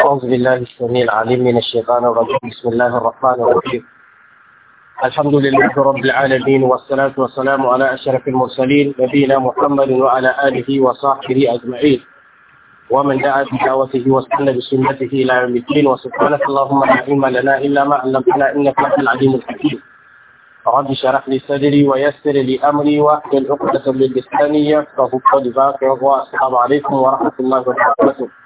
أعوذ بالله السميع العليم من الشيطان الرجيم بسم الله الرحمن الرحيم الحمد لله رب العالمين والصلاة والسلام على أشرف المرسلين نبينا محمد وعلى آله وصحبه أجمعين ومن دعا بدعوته واستنى بسنته إلى يوم الدين وسبحانك اللهم لا علم لنا إلا ما علمتنا إنك أنت العليم الحكيم رب اشرح لي صدري ويسر لي أمري واحلل عقدة من لساني يفقه قولي باقي عليكم ورحمة الله وبركاته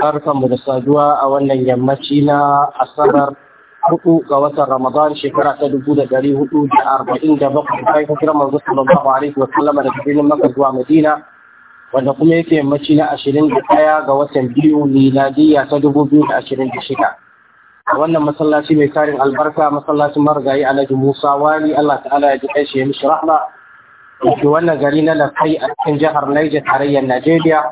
barkanmu da saduwa a wannan yammaci na asabar hudu ga watan ramadan shekara ta dubu da dari hudu da arba'in da bakwai bayan hijira manzo sallallahu alaihi wa sallama da birnin makka zuwa madina wanda kuma yake yammaci na ashirin da ɗaya ga watan biyu miladiyya ta dubu biyu da ashirin da shida a wannan masallaci mai tarin albarka masallacin marigayi alhaji musa wali allah ta'ala ya ji kai shi ya mishi rahma wannan gari na lafai a cikin jihar niger tarayyar najeriya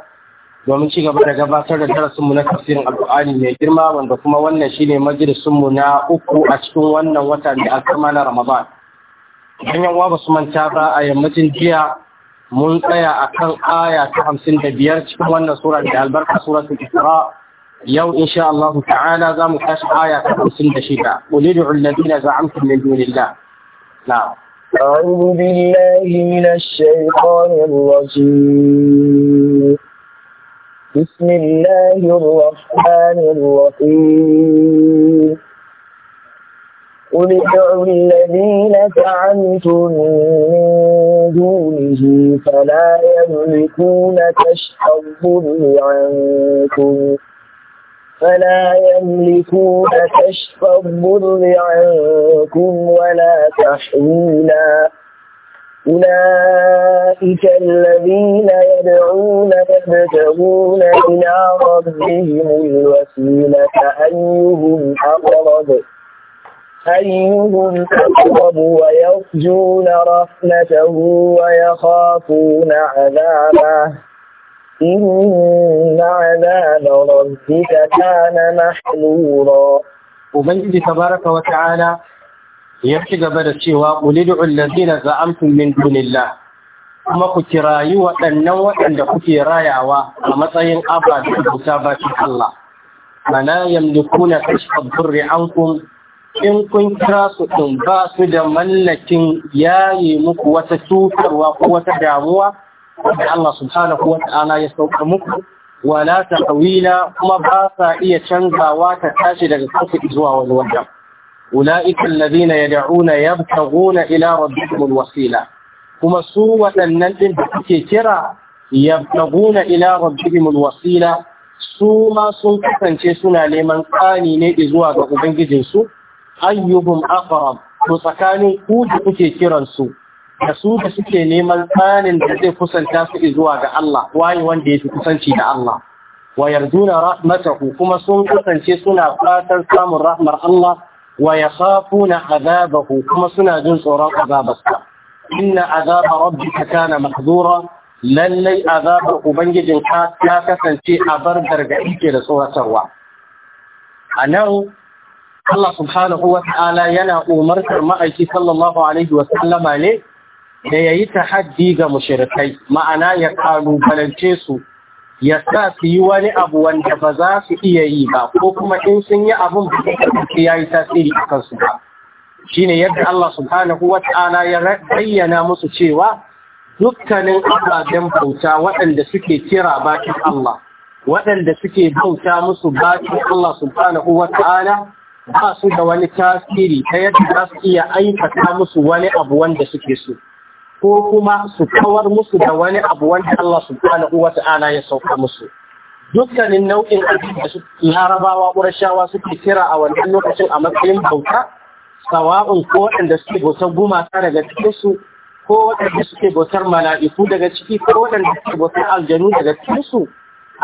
domin ci gaba da gabatar da darasinmu na tafsirin alƙur'ani mai girma wanda kuma wannan shine majalisunmu na uku a cikin wannan wata mai alkama na ramadan don yawa ba su manta ba a yammacin jiya mun tsaya a kan aya ta hamsin da biyar cikin wannan sura da albarka suratul isra yau insha Allah ta'ala za mu tashi aya ta hamsin da shida qul min dunillah أعوذ بالله من الشيطان الرجيم بسم الله الرحمن الرحيم قل ادعوا الذين زعمتم من دونه فلا يملكون كشف الضر عنكم فلا يملكون كشف الضر عنكم ولا تحويلا أولئك الذين يدعون يبتغون إلى ربهم الوسيلة أيهم أقرب أيهم أقرب ويرجون رحمته ويخافون عذابه إن عذاب ربك كان محلورا وبيد تبارك وتعالى ya ci gaba da cewa ulidu allazina za'amtum min dunillah kuma ku kirayi waɗannan waɗanda kuke rayawa a matsayin ababen bauta ba shi Allah mana yamlikuna kashfa burri ankum in kun kira su ɗin ba su da mallakin yayi muku wata cutarwa ko wata damuwa da Allah subhanahu wa ta'ala ya sauka muku wala tawila kuma ba sa iya canzawa ta tashi daga kanku zuwa wani wajen أولئك الذين يدعون يبتغون إلى ربهم الوسيلة كما سوى أن كرا يبتغون إلى ربهم الوسيلة سوما سنكسن سنة لمن قاني نئزوا بأبنجد سوء ayyuhum aqrab to tsakanin ku da kuke kiran su da su da suke neman tsanin da zai kusanta su zuwa ga Allah waye wanda yake kusanci da Allah wa yarduna rahmatahu kuma sun kusance suna fatan samun rahmar Allah wa yakhafuna azabahu kuma suna jin tsoron azabarsa inna azaba rabbika kana mahdura lallai azabar ubangijin ka Ya kasance a bar gargaɗi ke da tsoratarwa a nan Allah subhanahu wa ta'ala yana umartar ma'aiki sallallahu alaihi wa sallama ne da yayi tahaddi ga mushrikai ma'ana ya kalubalance su ya sa su yi wani abu wanda ba za su iya yi ba ko kuma in sun yi abun ba su ya yi tasiri a kansu ba Shi ne yadda Allah subhanahu wa ta'ala ya bayyana musu cewa dukkanin ababen bauta waɗanda suke kira bakin Allah waɗanda suke bauta musu bakin Allah subhanahu wa ta'ala ba su da wani tasiri ta yadda za su iya aikata musu wani abu wanda suke so ko kuma su kawar musu da wani abu wanda Allah subhanahu wa ta'ala ya sauka musu dukkanin nau'in abin da larabawa ƙurashawa suke kira a wannan lokacin a matsayin bauta sawa'un ko waɗanda suke bautar gumaka daga cikinsu ko waɗanda suke bautar mala'iku daga ciki ko waɗanda suke bautar aljanu daga cikinsu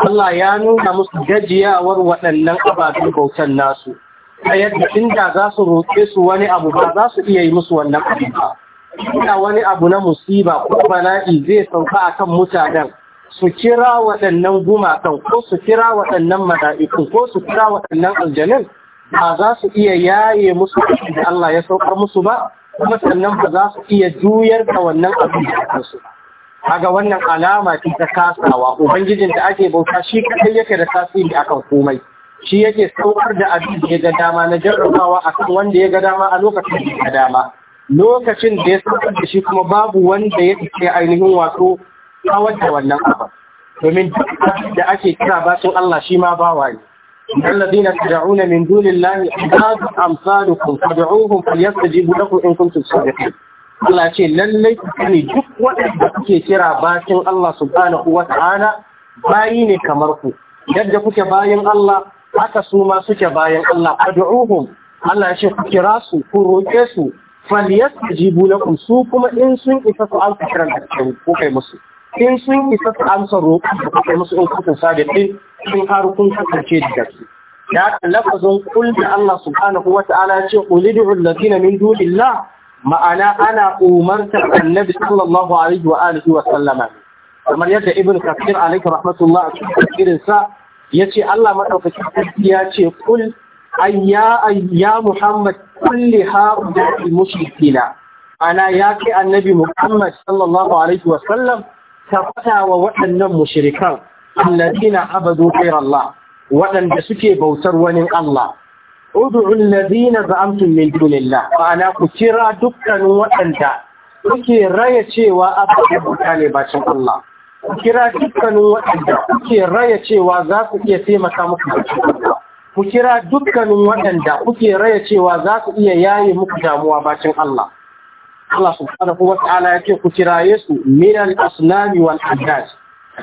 Allah ya nuna musu gajiyawar waɗannan ababen bautan nasu ta yadda inda za su roƙe su wani abu ba za su iya yi musu wannan abu ba inda wani abu na musiba ko bala'i zai sauka akan mutanen su kira waɗannan gumakan ko su kira waɗannan mada'ikun ko su kira waɗannan aljanin ba za su iya yaye musu da Allah ya saukar musu ba kuma sannan ba za su iya juyar da wannan abin da kansu kaga wannan alama ce ta kasawa ubangijin da ake bauta shi kadai yake da tasiri akan komai shi yake saukar da abin da ya ga dama na jarrabawa akan wanda ya ga dama a lokacin da ya ga dama lokacin da ya saka da shi kuma babu wanda ya ce ainihin wato kawar da wannan abu domin duk da ake kira bakin Allah shi ma bawa ne الذين تدعون من دون الله عباد أمثالكم فادعوهم فليستجيبوا لكم إن كنتم صادقين Allah ce lallai ne duk waɗanda kuke kira bakin Allah subhanahu wa ta'ala bayi ne kamar ku yadda kuke bayan Allah haka su ma suke bayan Allah ad'uhum Allah ya ce ku kira su ku roƙe su Faliyar ta falyastajibu na su kuma in sun isa su amsa kiran da kuka kai musu in sun isa su amsa roƙon da kuka musu in kuka sadiqin in har kun kasance da gaske Ya ta lafazin kul da Allah subhanahu wa ta'ala ce qul ud'u allatheena min dunillah ma'ana ana umartar annabi sallallahu alaihi wa alihi wa sallama kamar yadda ibn kafir alaihi rahmatullah a cikin tafsirin ya ce Allah madaukakin sarki ya ce kul ayya Muhammad kulli ha'ula'i mushrikina ana ya kai annabi Muhammad sallallahu alaihi wa sallam tafata wa waɗannan mushrikan alladina abadu ghayra Allah waɗanda suke bautar wani Allah ud'u alladina za'amtum min dunillah ana ku kira dukkanin waɗanda suke raya cewa abadu ne bacin Allah ku kira dukkanin waɗanda suke raya cewa za ku iya taimaka muku da ku kira dukkanin waɗanda kuke raya cewa za su iya yaye muku damuwa bakin Allah. Allah subhanahu wa ta'ala ya ce ku kira yesu minan asnami wal addad.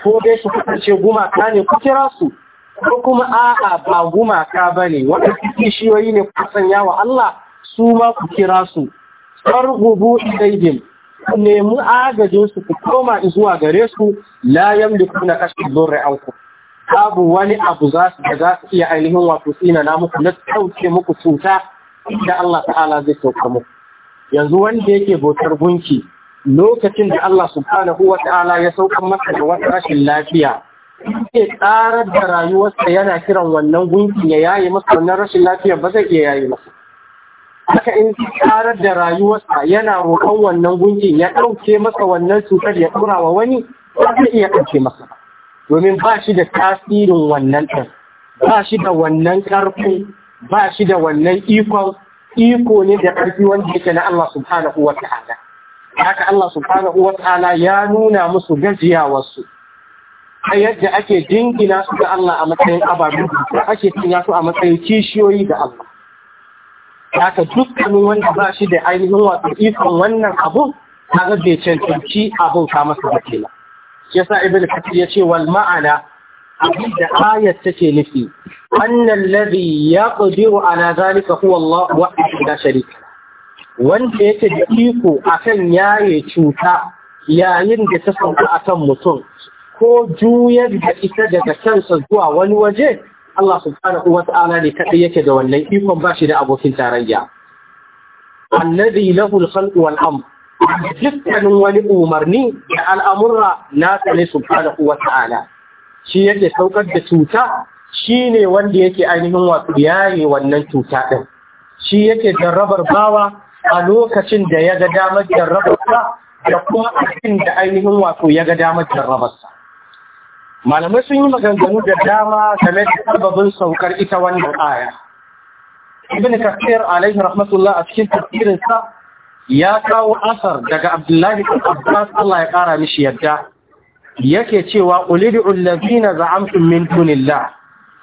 Ko dai su kasance gumaka ne ku kira su ko kuma a'a ba gumaka ne. wanda kishiyoyi ne ku sanya wa Allah su ma ku kira su. Sargubu idaihim nemi agajin su ku koma zuwa gare su la yamlikuna kashfi dhurri ankum. babu wani abu za su da za su iya ainihin wato tsina na muku na sauke muku cuta da Allah ta'ala zai sauka muku yanzu wanda yake bautar gunki lokacin da Allah subhanahu wa ta'ala ya sauka masa da wata rashin lafiya ke tsarar da rayuwarsa yana kiran wannan gunki ya yayi masa wannan rashin lafiya ba zai iya yayi masa haka in tsarar da rayuwarsa yana roƙon wannan gunki, ya ɗauke masa wannan cutar ya ɗora wa wani ba zai iya ɗauke masa ba domin ba shi da tasirin wannan ɗin ba shi da wannan ƙarfi ba shi da wannan ikon iko ne da ƙarfi wanda yake na Allah subhanahu wa ta'ala haka Allah subhanahu wa ta'ala ya nuna musu gajiyawarsu ta yadda ake jingina su da Allah a matsayin ababe ko ake tunya su a matsayin kishiyoyi da Allah haka dukkanin wanda ba shi da ainihin wato ikon wannan abu ta bai cancanci abin ka masa da kenan Ya yasa ibn kathir ya ce wal ma'ana abin da ayat take nufi Annan ladhi ya ala zalika huwa Allah wahdahu la wanda yake da iko akan yaye cuta yayin da ta sauka akan mutum ko juyar da ita daga kansa zuwa wani waje Allah subhanahu wa ta'ala ne kadai yake da wannan ikon bashi da abokin tarayya annabi lahul al-khalqu wal amr dukkanin wani umarni da al'amurra na tsane su fada uwa ta'ala shi yake saukar da cuta shi ne wanda yake ainihin wasu yaye wannan cuta ɗin shi yake jarrabar bawa a lokacin da ya ga damar jarrabarsa da kuma abin da ainihin wato ya ga damar jarrabarsa malamai sun yi maganganu da dama game da sababin saukar ita wannan aya ibn kafir alaihi rahmatullah a cikin tafsirinsa ya kawo asar daga abdullahi abbas Allah ya kara mishi yadda yake cewa ulidu allazina za'amtum min dunillah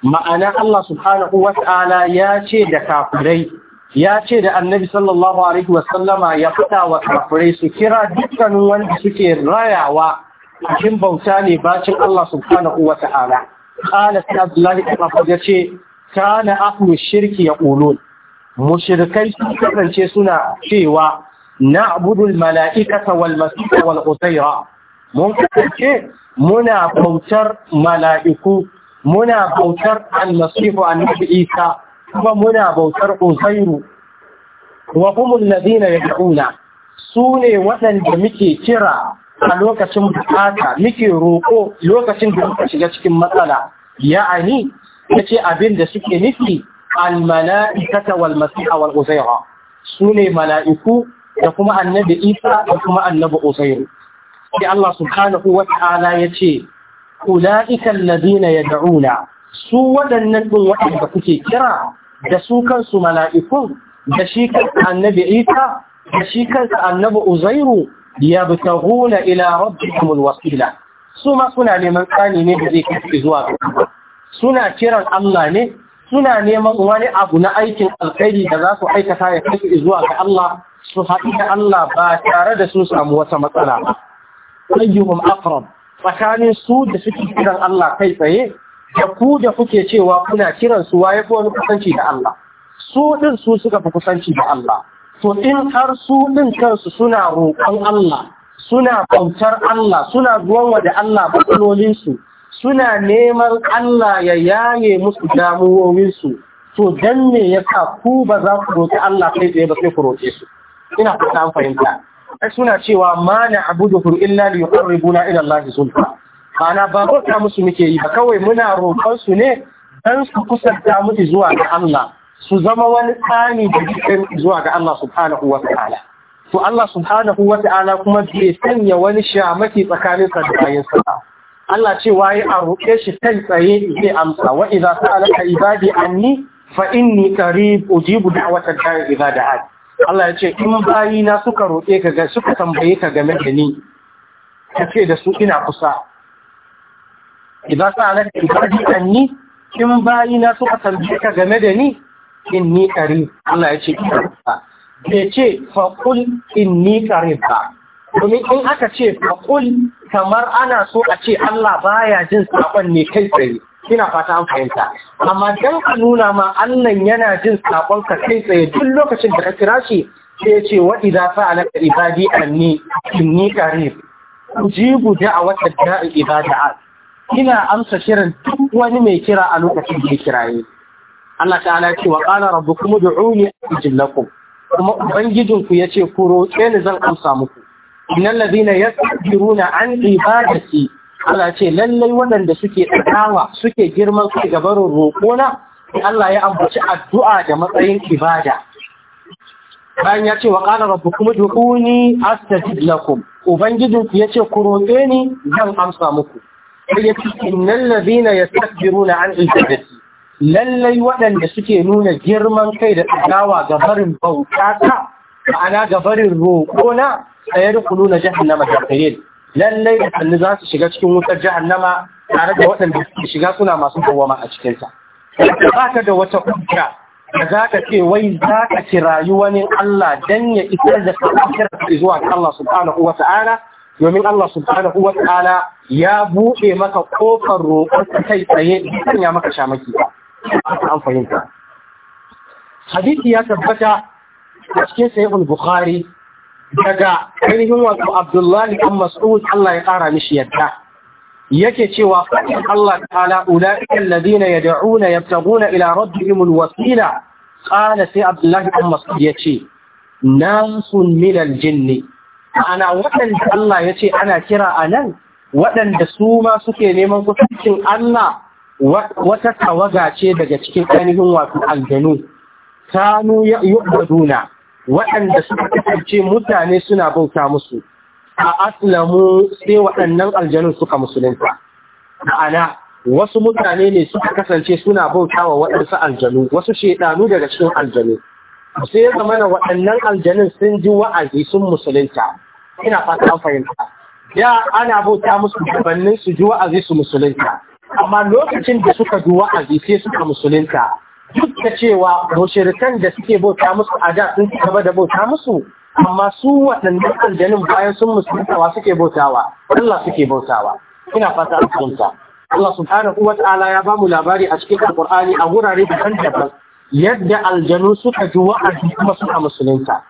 ma'ana Allah subhanahu wata'ala ya ce da kafirai ya ce da annabi sallallahu alaihi wasallama ya fada wa kafirai su kira dukkanin wanda suke rayawa cikin bauta ne bacin Allah subhanahu wata'ala qala abdullahi abbas ya ce kana ahlu shirki yaqulun mushrikai sun kasance suna cewa na'budu al-mala'ikata wal masih wal usaira mun kace muna bautar mala'iku muna bautar al-masih annabi isa kuma muna bautar usairu wa humul ladina yad'una sune waɗanda muke kira a lokacin bukata muke roƙo lokacin da muka shiga cikin matsala ya'ani yace abin da suke nufi al-mala'ikata wal masiha wal uzaira sune mala'iku da kuma annabi Isa da kuma annabi Usairu sai Allah subhanahu wa ta'ala ya ce ulaika alladhina yad'una su waɗannan ɗin waɗanda kuke kira da su kansu mala'ikun da shi kansa annabi Isa da shi kansa annabi Uzairu yabtaghuna ila rabbihim alwasila su ma suna neman tsani ne da zai kai zuwa ga suna kiran Allah ne suna neman wani abu na aikin alkhairi da za su aikata ya kai zuwa ga Allah su haɗu da Allah ba tare da su samu wata matsala ba. Ayyuhum aqrab tsakanin su da suke kiran Allah kai tsaye da ku da kuke cewa kuna kiran su waye ko wani kusanci da Allah. Su din su suka fi kusanci da Allah. To in har su din kansu suna roƙon Allah, suna bautar Allah, suna zuwan da Allah matsalolinsu, suna neman Allah ya yaye musu damuwowinsu, to don me ya ku ba za ku roƙi Allah kai tsaye ba sai ku roƙe su. ina fata an fahimta suna cewa ma na abuduhu illa li yuqarribuna ila Allah zulfa ana ba ta musu muke yi ba kawai muna roƙon su ne dan su kusanta musu zuwa ga Allah su zama wani tsani da jikin zuwa ga Allah subhanahu wa ta'ala to Allah subhanahu wa ta'ala kuma bai sanya wani shamaki tsakanin sa da bayin sa Allah ce waye a roƙe shi kai tsaye zai amsa wa idza sa'alaka ibadi anni fa inni qarib ujibu da'watad da'i idza Allah ya ce in na suka roƙe ka ga suka tambaye ka game da ni ka ce da su ina kusa idan sa na ibadi ni? in na suka tambaye ka game da ni inni qarib Allah ya ce ina kusa bai ce faƙul inni qarib ba domin in aka ce faƙul kamar ana so a ce Allah baya jin saƙon ne kai tsaye kina fata an fahimta amma dan ka nuna ma Allah yana jin sakon ka kai tsaye duk lokacin da ka kira shi sai ya ce wa idza Ku ibadi anni inni qarib ujibu da'wata da'i ibada'a ina amsa kiran duk wani mai kira a lokacin da ya kiraye Allah ta'ala ce wa qala rabbukum ud'uni ajib lakum kuma ubangijinku yace ku roƙe ni zan amsa muku innal ladina yastakbiruna an ibadati Allah ce lallai waɗanda suke ɗanawa suke girman kai ga barin roƙona Allah ya ambaci addu'a da matsayin ibada bayan ya ce wa ƙara rabu kuma ni astajib lakum ubangijinku ya ce ku roƙe ni zan amsa muku sai ya ce ya ladina na an ibadati lallai waɗanda suke nuna girman kai da ɗanawa ga barin bauta ta ma'ana ga barin roƙona sayar ku nuna jahannama na kayyade lallai da hannu za su shiga cikin wutar jahannama tare da waɗanda suke shiga suna masu dawama a cikinsa. Ba ka da wata hujja da za ka ce wai za ka kirayi wani Allah danya ya isar da sakakir zuwa ga Allah subhanahu wa ta'ala domin Allah subhanahu wa ta'ala ya buɗe maka kofar roƙon kai tsaye kan ya maka shamaki ba. An fahimta. Hadisi ya tabbata a cikin Sahihul Bukhari daga ainihin wato Abdullahi ɗan Mas'ud Allah ya ƙara mishi yadda yake cewa fadin Allah ta'ala ulaika alladhina yad'una yabtaguna ila rabbihim alwasila qala sai Abdullahi ɗan Mas'ud yace nasun min aljinn ana wadanda Allah yace ana kira anan waɗanda su ma suke neman kusancin Allah wata tawaga ce daga cikin ainihin wato aljanu kanu yu'baduna waɗanda suka kasance mutane suna bauta musu a aslamu sai waɗannan aljanun suka musulunta ma'ana wasu mutane ne suka kasance suna bauta wa waɗansu aljanu wasu shaidanu daga cikin aljanu sai ya zama na waɗannan aljanun sun ji wa'azi sun musulunta ina fata an fahimta Ya ana bauta musu gabanin su ji wa'azi su musulunta amma lokacin da suka ji wa'azi sai suka musulunta duk da cewa mushirikan da suke bauta musu a da sun gaba da bauta musu amma su waɗannan aljanin bayan sun musuluntawa suke bautawa Allah suke bautawa ina fata an Allah subhanahu wa ta'ala ya bamu labari a cikin alqur'ani a wurare daban-daban yadda aljanu suka ji wa'azi kuma suka musulunta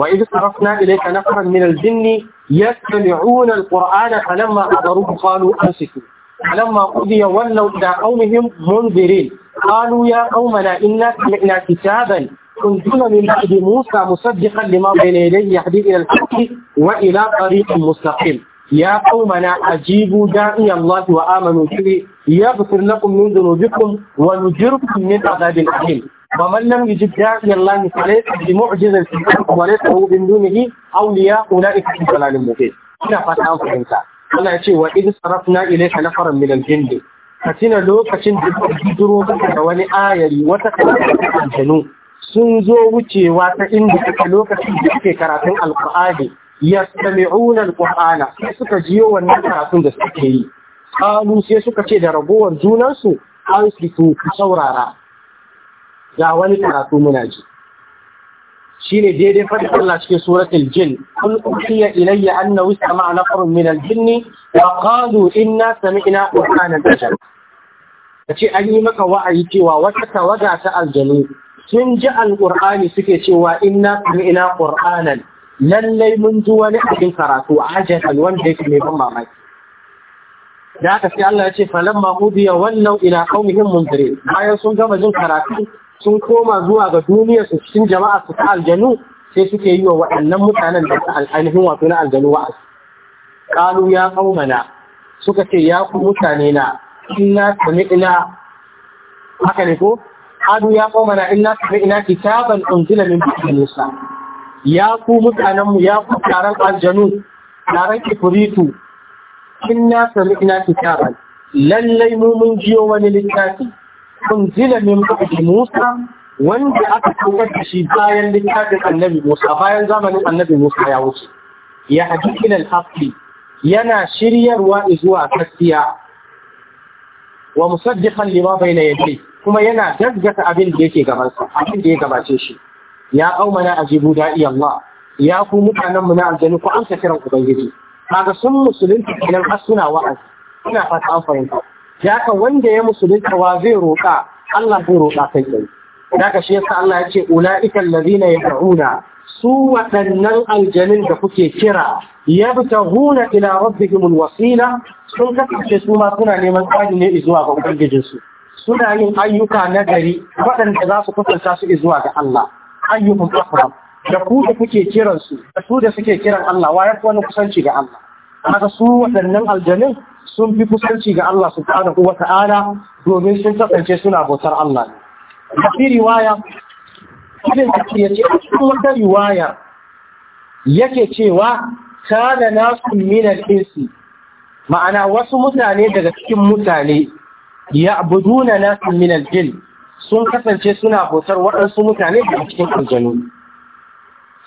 وإذ صرفنا إليك نفرا من الجن يستمعون القرآن فلما حضروه قالوا أنصتوا فلما قضي ولوا إلى قومهم منذرين قالوا يا قومنا إنا سمعنا كتابا كنتم من بعد موسى مصدقا لما بين يديه يهدي إلى الحق وإلى طريق مستقيم يا قومنا أجيبوا داعي الله وآمنوا به يغفر لكم من ذنوبكم ونجركم من عذاب أليم ومن لم يجب داعي الله فليس بمعجزة وليس هو من دونه أولياء أولئك في ضلال مبين. هنا فتحة فهمتها. Ana cewa in wa idh sarafna ilayka nafaran min al-jinn ka tina lokacin da ka bidiro da wani ayari wata kalmar janu sun zo wucewa ta inda kake lokacin da kake karatun alqur'ani yastami'una alqur'ana suka jiyo wannan karatun da suke yi kalu sai suka ce da ragowar junansu an su saurara ga wani karatu muna ji shine daidai fadin Allah cikin suratul jin kun uhiya ilayya annahu sama'a nafarun min al wa qalu inna sami'na qur'anan ajab kace an yi maka wa'ayi cewa wata tawaga ta aljanu sun ji alqur'ani suke cewa inna sami'na qur'anan lallai mun ji wani abin karatu ajaban wanda yake mai ban mamaki da aka sai Allah ya ce falamma udiya wallau ila qaumihim bayan sun gama jin karatu sun koma zuwa ga duniya su cikin jama'a su ta aljanu sai suke yi wa waɗannan mutanen da ta ainihin wato na aljanu wa'azi Ƙalu ya qaumana suka ce ya ku mutane na inna ina haka ne ko ƙalu ya qaumana inna sami'na kitaban unzila min bikin musa ya ku mutanen mu ya ku taron aljanu taron kifuritu inna sami'na kitaban lallai mu mun jiyo wani littafi unzila min ba'di Musa wanda aka saukar da shi bayan littafin annabi Musa bayan zamanin annabi Musa ya wuce ya haji ila haqqi yana shiryarwa zuwa gaskiya wa musaddiqan lima bayna yadayhi kuma yana gaggata abin da yake gabansa abin da ya gabace shi ya qaumana ajibu da'i Allah ya ku mutanen mu na aljanu ku amsa kiran ubangiji kaga sun musulunta kenan har suna wa'azi ina fata an fahimta ya ka wanda ya musulunta wa zai roƙa Allah zai roƙa kai kai daga shi yasa Allah ya ce ula'ikan ladina yad'una su waɗannan aljanin da kuke kira yabtahuna ila rabbihim alwasila sun kasance su ma suna neman tsari ne zuwa ga ubangijinsu suna yin ayyuka na gari waɗanda za su kusanta su zuwa ga Allah ayyukan akram da ku da kuke kiran su da su da suke kiran Allah wa ya wani kusanci ga Allah haka su waɗannan aljanin sun fi kusanci ga Allah subhanahu wa ta'ala domin sun kasance suna bautar Allah Mafi riwaya, abin da ke yace a wata riwaya yake cewa da nasu minar insi ma'ana wasu mutane daga cikin mutane ya na nasu minar jil sun kasance suna bautar waɗansu mutane daga cikin aljanu.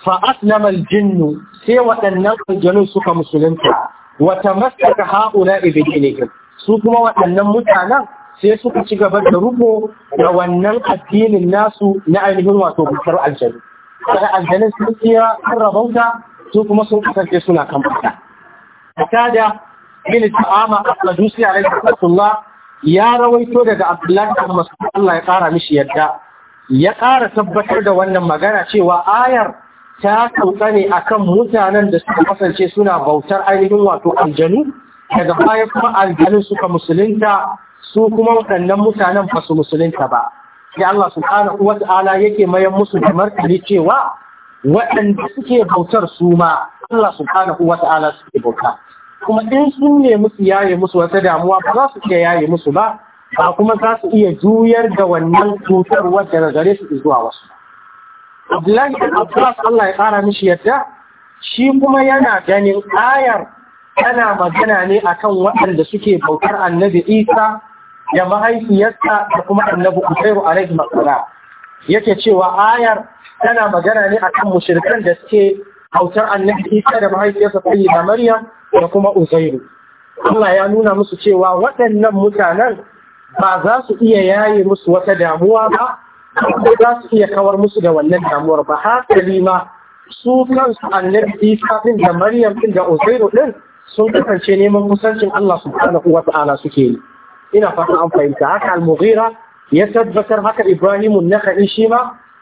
Fa'as na jinnu sai waɗannan aljanu suka musulunta wata masaka haƙuna ibidinihim su kuma waɗannan mutanen sai suka ci gaba da rubo da wannan addinin nasu na ainihin wato bukar aljanu kada aljanin sun tsira sun rabauta su kuma sun kasance suna kan fata ta da bin ta'ama al-dusi alaihi rahmatullah ya rawaito daga abdullahi ibn masu Allah ya kara mishi yadda ya kara tabbatar da wannan magana cewa ayar ta sauka ne akan mutanen da suka kasance suna bautar ainihin wato aljanu daga baya kuma aljanu suka musulunta su kuma waɗannan mutanen ba su musulunta ba ya Allah subhanahu wa ala yake mayan musu da martani cewa waɗanda suke bautar su ma Allah subhanahu wa ala suke bauta kuma in sun ne musu yaye musu wata damuwa ba za su iya yaye musu ba ba kuma za su iya juyar da wannan cutar wadda gare su zuwa wasu Abdullahi Abbas Allah ya ƙara mishi yadda shi kuma yana ganin ayar tana magana ne akan waɗanda suke bautar annabi Isa da mahaifiyarsa da kuma annabi Usairu alaihi masala yake cewa ayar tana magana ne akan mushrikan da suke bautar annabi Isa da mahaifiyarsa da Maryam da kuma Usairu Allah ya nuna musu cewa waɗannan mutanen ba za su iya yaye musu wata damuwa ba ba za su iya kawar musu da wannan damuwar ba hasali ma su kansu annabi isa din da maryam din da uzairu din sun kasance neman kusancin Allah subhanahu wa ta'ala suke yi ina fata an fahimta haka al-mughira ya tabbatar haka ibrahimu nakhai shi ma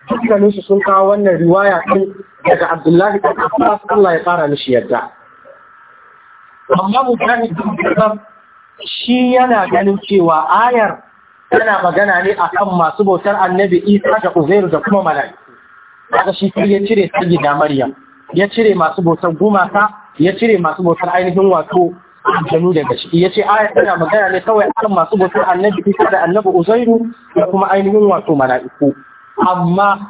dukkanin su sun kawo wannan riwaya din daga abdullahi ibn abbas Allah ya fara mishi yadda amma mutane shi yana ganin cewa ayar tana magana ne akan masu bautar annabi isa da uzairu da kuma mala'iku daga shi sai ya cire da maryam ya cire masu bautar gumaka ya cire masu bautar ainihin wato aljanu daga ciki ya ce aya tana magana ne kawai akan masu bautar annabi isa da annabi uzairu da kuma ainihin wato mala'iku amma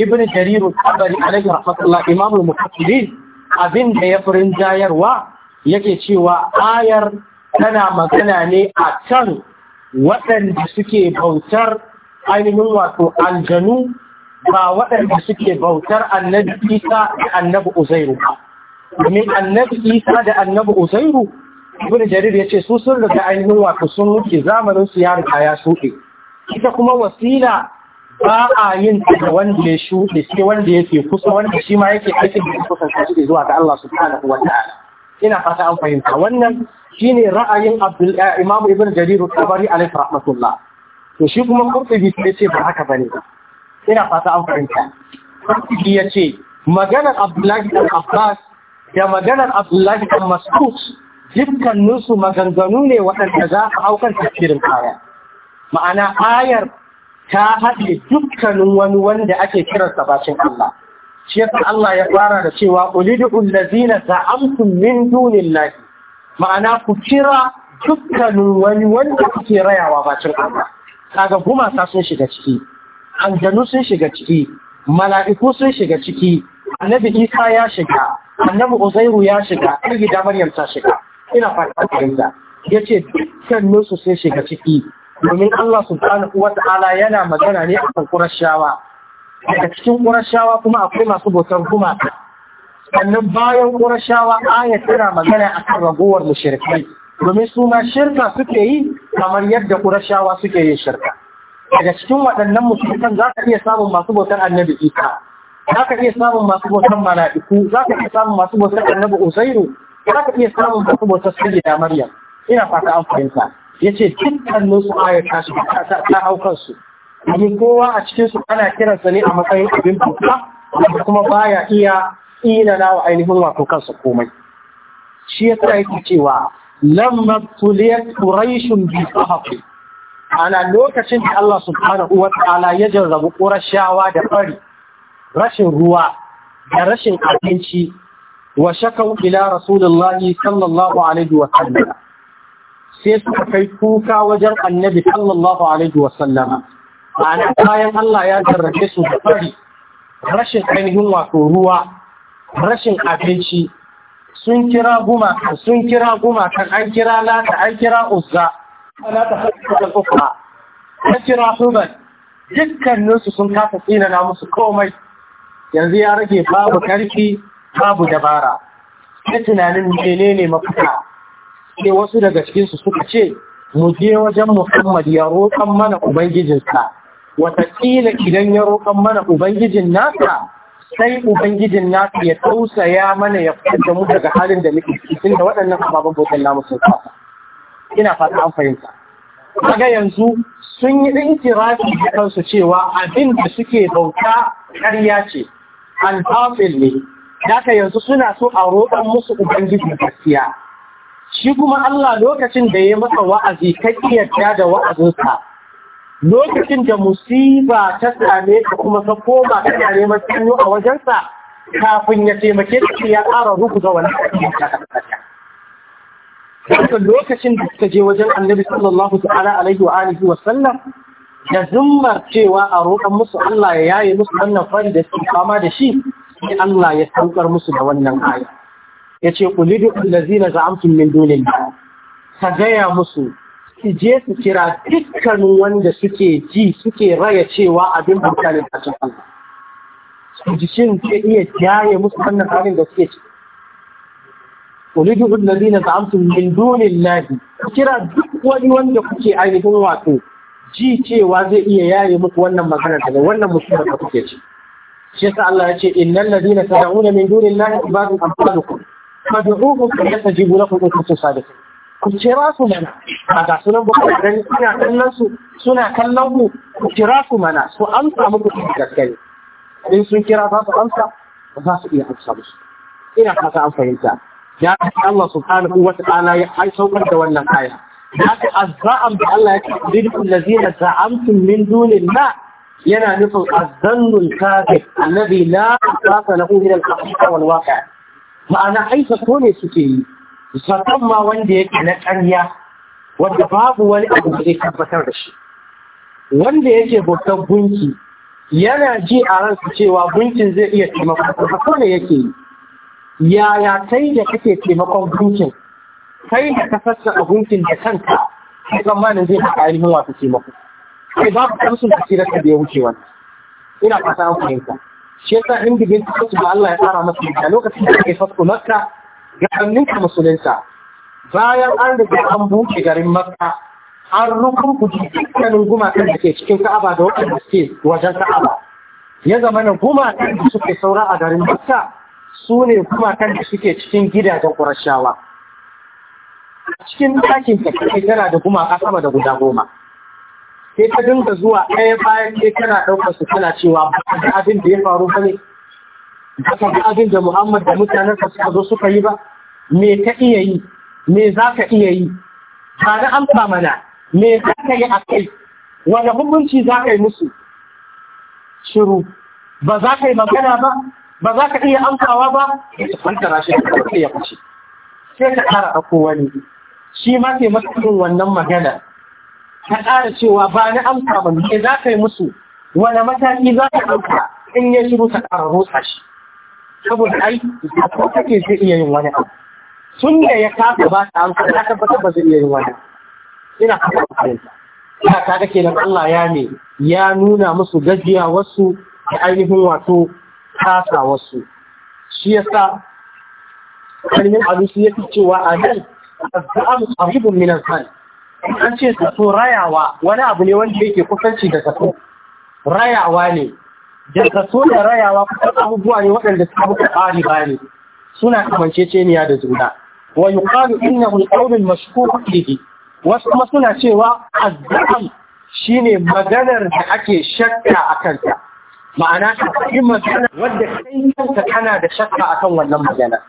ibn jarir al-tabari alaihi rahmatullah imam al-mufassirin abin da ya furin jayarwa yake cewa ayar tana magana ne a can waɗanda suke bautar ainihin wato aljanu ba waɗanda suke bautar annabi isa da annabi uzairu ba domin annabi isa da annabi uzairu ibn jarir ya ce su sun riga ainihin wato sun wuce zamanin su ya riga ya shuɗe ita kuma wasila ba a yin da wanda ya shuɗe sai wanda yake kusa wanda shi ma yake aikin da kusa shi zuwa ga Allah subhanahu wa ta'ala ina fata an fahimta wannan shine ra'ayin Abdul eh, Imam Ibn Jarir al-Tabari alayhi rahmatullah to shi kuma Qurtubi ya ce ba haka bane ina fata an fahimta Qurtubi ya ce maganar Abdullahi bin Abbas da maganar Abdullahi bin Mas'ud dukkaninsu maganganu ne waɗanda za a aukar tafsirin aya ma'ana ayar ta haɗe dukkanin wani wanda ake kiransa bacin Allah shi yasa Allah ya fara da cewa ulidu allazina za'amtum min dunillahi ma'ana ku kira dukkanin wani wanda kuke rayawa bacin Allah kaga gumata sun shiga ciki aljanu sun shiga ciki mala'iku sun shiga ciki annabi isa ya shiga annabi uzairu ya shiga da maryam ta shiga ina fata fahimta yace dukkanin su sun shiga ciki domin Allah subhanahu wata'ala yana magana ne a kan Qurashawa daga cikin Qurashawa kuma akwai masu bautar gumata. sannan bayan ƙurashawa aya tana magana a kan ragowar mushirkai domin suna shirka suke yi kamar yadda ƙurashawa suke yin shirka daga cikin waɗannan mushrikan za ka iya samun masu bautar annabi isa za ka iya samun masu bautar mala'iku za ka iya samun masu bautar annabi usairu za ka iya samun masu bautar sayyida maryam ina fata an fahimta ya ce dukkanin su aya ta ta hau kansu domin kowa a cikinsu ana kiransa ne a matsayin abin bauta kuma baya iya tsina na wa ainihin wato kansa komai shi ya tsara yake cewa lamma tuliyat quraishun bi sahafi ana lokacin da Allah subhanahu wa ta'ala ya jarrabu qurashawa da fari rashin ruwa da rashin abinci wa shakau ila rasulullahi sallallahu alaihi wa sallam sai suka kai kuka wajen annabi sallallahu alaihi wa sallama ana bayan Allah ya jarrabe su da fari rashin ainihin wato ruwa rashin abinci sun kira gumakan sun kira kan an kira lata an kira uzza ana ta fara kuka an kira huban dukkaninsu sun kasa na musu komai yanzu ya rage babu karfi babu dabara ta tunanin menene mafita sai wasu daga cikinsu suka ce mu je wajen muhammad ya roƙon mana ubangijinsa watakila idan ya roƙon mana ubangijin nasa sai ubangijin na ya tausaya mana ya fitar mu daga halin da muke cikin da waɗannan ababen bokan namu sun fasa ina fata an fahimta kaga yanzu sun yi kirafi da kansu cewa abin da suke bauta ƙarya ce an tafil ne daga yanzu suna so a roƙon musu ubangiji gaskiya shi kuma Allah lokacin da ya masa wa'azi ta yarda da wa'azinsa lokacin da musiba ta same ka kuma ka koma kana neman yi a wajensa kafin ya taimake ka ya ƙara ruku ga wani Daga lokacin da suka je wajen annabi sallallahu ta'ala alaihi wa alihi wa da zummar cewa a roƙon musu Allah ya yaye musu wannan fari da su fama da shi sai Allah ya saukar musu da wannan aya. Ya ce, Kulidu allazina za'amtum min dunin ka gaya musu su je su kira dukkanin wanda suke ji suke raya cewa abin mutane a cikin Allah su ji shin ke iya jaye musu wannan halin da suke ci ulidi ulladina za'amtum min Ku kira duk wani wanda kuke ainihin wato ji cewa zai iya yaye musu wannan magana daga wannan musulman da kuke ci shi sa Allah ya ce innal na zina min dunillahi ibadun amsalukum fad'uhum fayastajibu lakum in kuntum sadiqin ku kira su mana ba ga sunan ba kuma suna kallon su suna kallon ku ku kira ku mana su amsa muku da gaskare in sun kira za su amsa ba za su iya amsa musu ina fata an fahimta ya ta Allah subhanahu wa ta'ala ya saukar da wannan aya ya ta azza'am da Allah ya ce lidul ladina za'amtum min dunillah yana nufin azzannul kafir alladhi la na lahu min al-haqiqa wal waqi' ma'ana ai sako ne suke yi sakon ma wanda yake na ƙarya wanda babu wani abu da zai tabbatar da shi wanda yake bautar gunki yana ji a ransa cewa gunkin zai iya taimakon haka ne yake yi yaya kai da kake taimakon gunkin kai da ka sassa a gunkin da kanka kai tsammanin zai haɗa ainihin wasu taimako kai babu kamshin tafiyarka da ya wuce wani ina fata an fahimta shi yasa in digin su da Allah ya tsara masa a lokacin da kake fasko makka ga hannunka musulunta bayan an riga an buke garin makka an rukun kuji dukkanin gumakan da ke cikin ka'aba da waɗanda suke wajen ka'aba ya zama na gumakan da suke saura a garin makka su ne gumakan da suke cikin gidajen ƙurashawa cikin ɗakin ta kai tana da gumaka sama da guda goma sai ta dinga zuwa ɗaya bayan sai kana ɗaukar su tana cewa ba ga abin da ya faru ba ne ba ga abin da muhammad da mutanen suka zo suka yi ba me ka iya yi me za ka iya yi ba an amsa mana me za ka yi a kai wani hukunci za ka yi musu shiru ba za ka yi magana ba ba za ka iya amfawa ba ya sai ƙara shi ma ke matsayin wannan magana ta ƙara cewa ba na amsa ba me za ka yi musu wani mataki za ka ɗauka in ya shiru ta ƙara shi saboda ai ko kake zai iya yin wani abu tun da ya kasa ba ta amsa ya tabbatar ba zai iya yin wani ina kafa fahimta ina kake nan Allah ya ne ya nuna musu gajiya wasu da ainihin wato kasa wasu shi ya sa kalmin ya fi cewa a nan a sahibun min minan san an ce su so rayawa wani abu ne wanda yake kusanci da kaso rayawa ne da kaso da rayawa kusan abubuwa ne waɗanda suka muka ƙari ba ne suna kamanceceniya da juna wa yuqalu innahu al-qawl al-mashkuk bihi wasu kuma suna cewa azzam shine maganar da ake shakka akan ta ma'ana ta magana wadda kai kanka kana da shakka akan wannan magana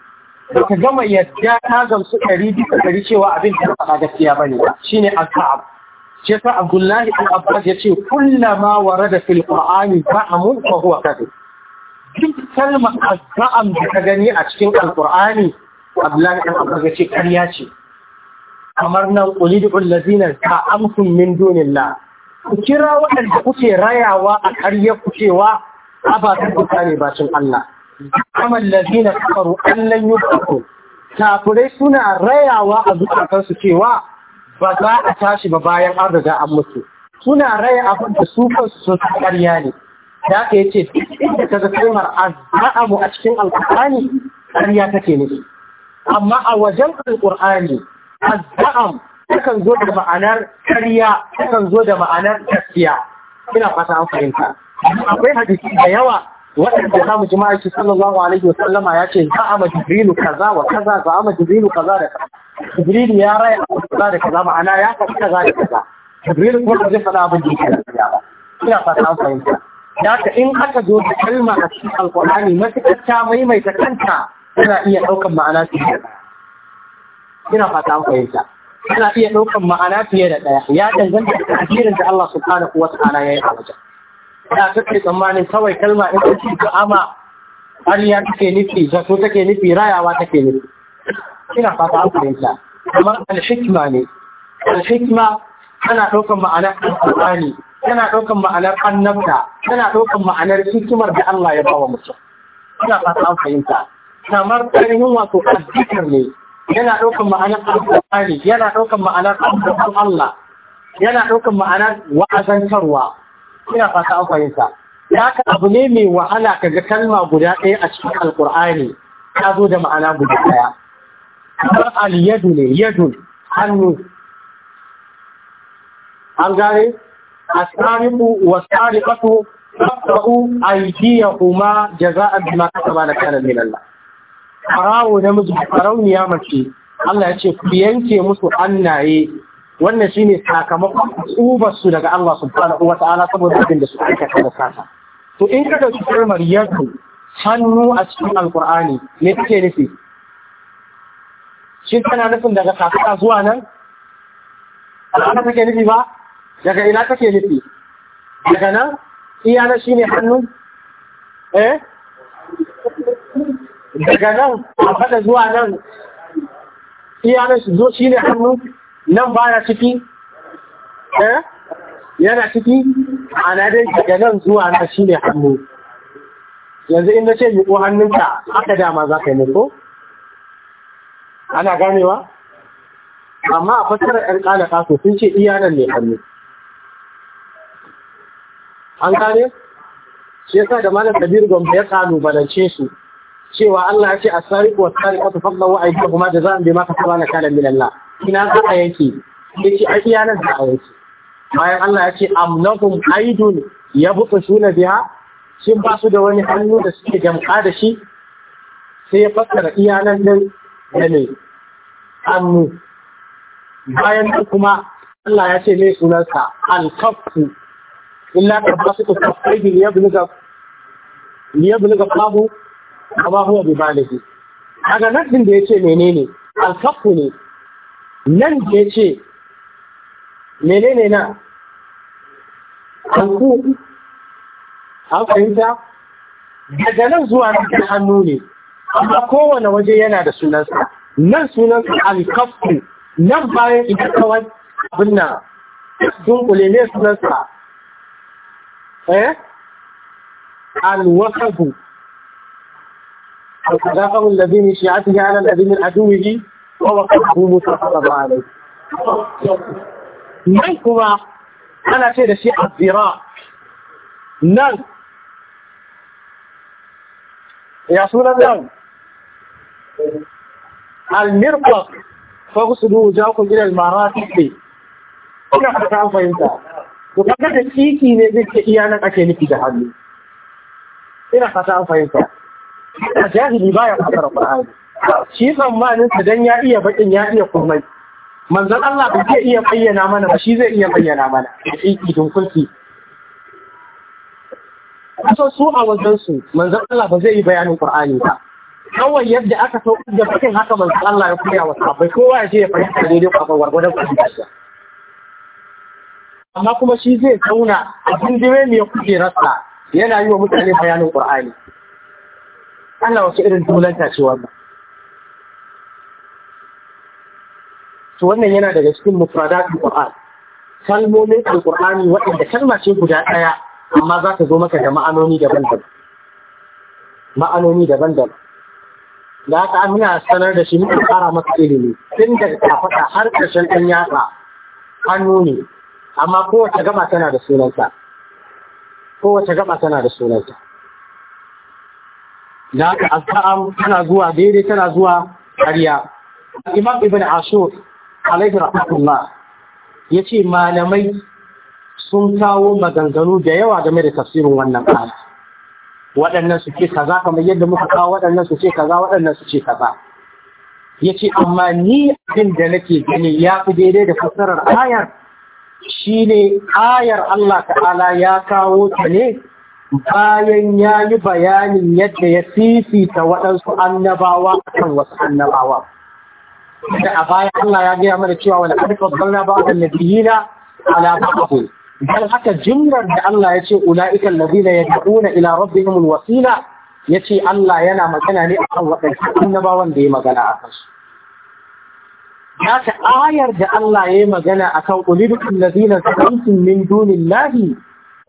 ba gama yadda ta gamsu ɗari bisa ɗari cewa abin da ba gaskiya bane ba shine azab shi yasa abdullahi ibn abbas ya ce kullama warada fil qur'ani ba'amun fa huwa kadhib duk kalmar azam da ka gani a cikin alqur'ani abdullahi ce ƙarya ce kamar nan ulidul lazina ta amkun min dunillah ku kira waɗanda kuke rayawa a ƙarya kucewa ababen kuka ne bacin Allah kamar lazina kafaru allan yubaku kafirai suna rayawa a zukatansu cewa ba za a tashi ba bayan an riga an mutu suna raya abin da su kansu sun san ƙarya ne da aka yace duk inda ta ga kalmar azza'amu a cikin alƙur'ani ƙarya take nufi amma a wajen alƙur'ani azza'am takan zo da ma'anar karya takan zo da ma'anar gaskiya ina fata an fahimta akwai hadisi da yawa waɗanda samu jima'a shi sallallahu alaihi wa sallama ya ce za a ma jibrilu kaza wa kaza za a ma jibrilu kaza da kaza jibrilu ya raya kaza da kaza ma'ana ya faɗi kaza da kaza jibrilu kuma zai faɗa abin da yake ina fata an fahimta da in aka zo da kalma a cikin alƙur'ani matuƙar ta maimaita kanta tana iya ɗaukan ma'ana fiye da ɗaya ina fata an fahimta tana iya ɗaukan ma'ana fiye da ɗaya ya danganta da tasirin da Allah subhanahu wa ta'ala ya yi a wajen ina kake tsammanin kawai kalma in kace du'ama ariya take nufi zato take nufi rayawa take nufi ina fata an fahimta kamar al-hikma ne al-hikma tana ɗaukan ma'ana al alƙur'ani tana ɗaukan ma'anar annabta tana ɗaukan ma'anar hikimar da Allah ya bawa mutum ina fata an fahimta kamar ainihin wato azzikir ne yana ɗaukar ma'anar alƙur'ani yana ɗaukar ma'anar ambaton Allah yana ɗaukar ma'anar wa'azantarwa ina fata an fahimta ya ka abu ne mai wahala ka ga kalma guda ɗaya a cikin alƙur'ani ta zo da ma'ana guda ɗaya kamar al-yadu ne yadu hannu an gane asariku wasariqatu fa'u aydiyahuma jaza'an bima kasaba lakanan min Allah farawo namiji farauniya mace Allah ya ce ku yanke musu annaye wannan shine sakamakon tsubar su daga Allah subhanahu ta'ala saboda abin da su aikata da kasa to in ka dauki kalmar yanzu hannu a cikin alqur'ani me take nufi Shin tana nufin daga kafada zuwa nan al'ada take nufi ba daga ina take nufi daga nan iyana shine hannu eh daga nan a faɗa zuwa nan iyanar su zo shi ne hannu nan ba na ciki eh, yana ciki a dai daga nan zuwa na shi ne hannu yanzu inda ce yi ko hannunka aka dama za ka yi ko ana ganewa amma a fasarar ‘yan ƙalaka su sun ce iyanar ne hannu an gane? shi yasa da malar kabiru gombe ya balance su cewa Allah ya ce as-sariqu was-sariqatu fadlahu aydihuma jazaa'an bima kasaba nakalan min Allah ina ka yake yace a iyanan da a yake bayan Allah ya ce amnakum aydun yabtasuna biha shin ba su da wani hannu da suke jamka da shi sai ya fassara iyanan din da ne hannu bayan kuma Allah ya ce mai sunansa al-kaffu illa ka ba su ka kaffai liyabluga liyabluga fahu amma huwa bi maliki kaga nan da yace menene alkafu ne nan da yace menene na kanku an fahimta daga nan zuwa nan hannu ne amma kowane waje yana da sunansa nan sunansa alkafu nan bayan ita kawai abin na dunkule ne sunansa eh alwasabu فصداقه الذي من شيعته على الذي من عدوه ووقفه موسى متقرب عليه من هو انا سيد الشيعة الزراء نعم يا رسول الله المرفق فاغسلوا وجاؤكم الى المراتب كنا حتى عفا ينتهى وقد تسيكي نبيك ايانا اكي نكي جهدي كنا حتى عفا a jahili baya fasara Qur'ani shi tsammanin ta don ya iya baƙin ya iya komai manzon Allah ba zai iya bayyana mana ba shi zai iya bayyana mana shi idon kulki so su a wajensu manzan Allah ba zai yi bayanin Kur'ani ba kawai yadda aka saukar da bakin haka manzan Allah ya kuma wa sabai kowa ya je ya fahimta daidai ko abubuwar da shi. amma kuma shi zai zauna a dindime ne ya rasa, yana yi wa mutane bayanin Kur'ani. Ana wasu irin tulanta ce ba. to wannan yana daga cikin mufradatul Qur'an kalmomin alqur'ani waɗanda kalma ce guda ɗaya amma za ta zo maka da ma'anoni daban-daban ma'anoni daban-daban da aka sanar da shi muka fara masa ilimi tun daga faɗa har ƙarshen ɗan yatsa hannu ne amma kowace gaba tana da sunanta kowace gaba tana da sunanta da aka asa'am tana zuwa daidai tana zuwa ƙariya. imam ibn ashur alaihi rahmatullah ya ce malamai sun kawo maganganu da yawa game da tafsirin wannan ayat waɗannan su ce kaza kamar yadda muka kawo waɗannan su ce kaza waɗannan su ce kaza ya ce amma ni abin da nake gani ya fi daidai da fassarar ayar ne ayar Allah ta'ala ya kawo ta ne bayan ya yi bayanin yadda ya fifita waɗansu annabawa kan wasu annabawa. Da a baya Allah ya gaya mana cewa wani ƙarfi zanna ba da nabiyina ala Dan haka jimlar da Allah ya ce ula'ikan nabiyina ya da'una ila rabbihim wasila ya ce Allah yana magana ne akan waɗansu annabawan da ya magana a kansu. Ya ta ayar da Allah ya yi magana akan ulidukun nabiyina sakamtin min dunin lahi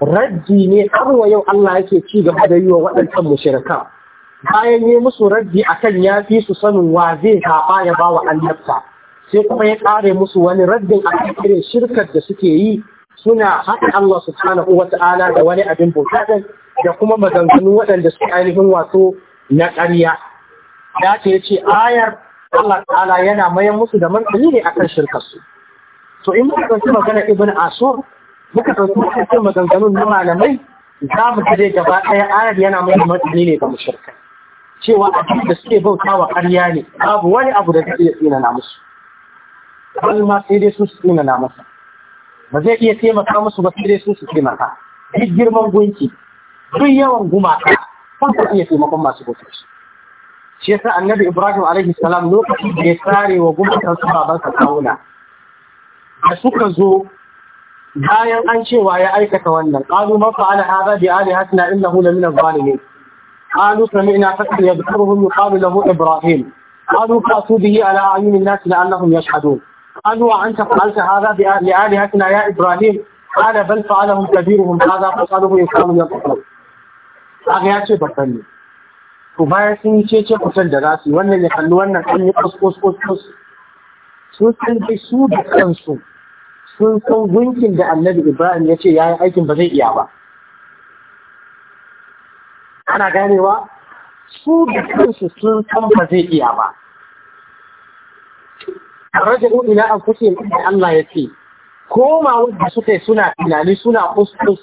raddi ne har wa yau Allah yake ci gaba da yi wa waɗancan shirka. bayan yi musu raddi akan ya fi su sanin wa zai haɓa ya ba wa annabta sai kuma ya ƙare musu wani raddin a kan irin shirkar da suke yi suna haɗa Allah subhanahu wa ta'ala da wani abin bauta da kuma maganganu waɗanda suke ainihin wato na ƙarya ya ce ce ayar Allah ta'ala yana mayan musu da martani ne akan shirkarsu. shirkarsu to in muka ɗauki magana ibn asur muka sauki cikin maganganun na malamai za mu tare gaba ɗaya ayar yana mai matsayi ne ga mushrikai cewa abin da suke bauta wa ƙarya ne babu wani abu da zai iya tsinana musu wani ma sai dai su su tsinana masa ba zai iya taimaka musu ba sai dai su su taimaka duk girman gunki duk yawan gumaka kan ta iya taimakon masu bautar su shi yasa annabi ibrahim alaihi salam lokacin da ya sare wa gumakan su babansa kawuna da suka zo bayan an cewa ya aikata wannan qalu man fa'ala hadha bi alihatina innahu la min adh-dhalimin qalu sami'na fatan yadhkuruhum yuqalu lahu ibrahim قالوا فأتوا به على أعين الناس لعلهم يشهدون قالوا وأنت فعلت هذا لآلهتنا يا إبراهيم قال بل فعلهم كبيرهم هذا فقالوا إن كانوا ينطقون هذا يا شيخ بطني وبايا سن cece kusan da rasu wannan ya kalli wannan an yi kus kus kus sun san dai su da kansu sun san gunkin da annabi Ibrahim ya ce ya yi aikin ba zai iya ba. Ana ganewa? Su da kansu sun san ba zai iya ba. Raja'u ila an kuke da Allah ya ce, koma wanda suka yi suna tunani suna kuskus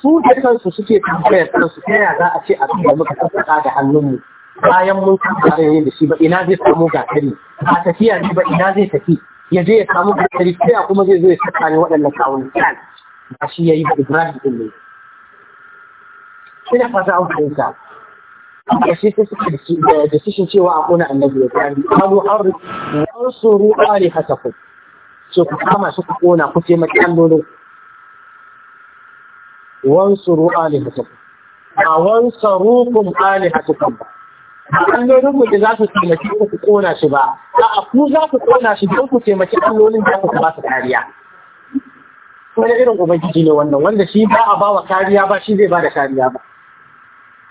su da kansu suke tambayar kansu ta yaya za a ce a da muka sassaka da hannunmu bayan mun kan tare da shi ba ina zai samu gasari? ba tafiya ne ba ina zai tafi ya je ya samu hankali sai kuma zai zo ya saka ne waɗannan kawun kan ba shi ya yi ba ibrahim ɗin ne ina fata an fahimta a shi sai suka da decision cewa a kona annabi ibrahim ruwa ne haka ku so ku kama su ku ƙona, ku ce maki allolin wansuru ku a wansarukum alihatakum ba allolin mu za su taimaki ku ku kona shi ba a ku za ku kona shi don ku taimaki allolin da ku ba su kariya wani irin ubangiji ne wannan wanda shi ba a bawa kariya ba shi zai ba da kariya ba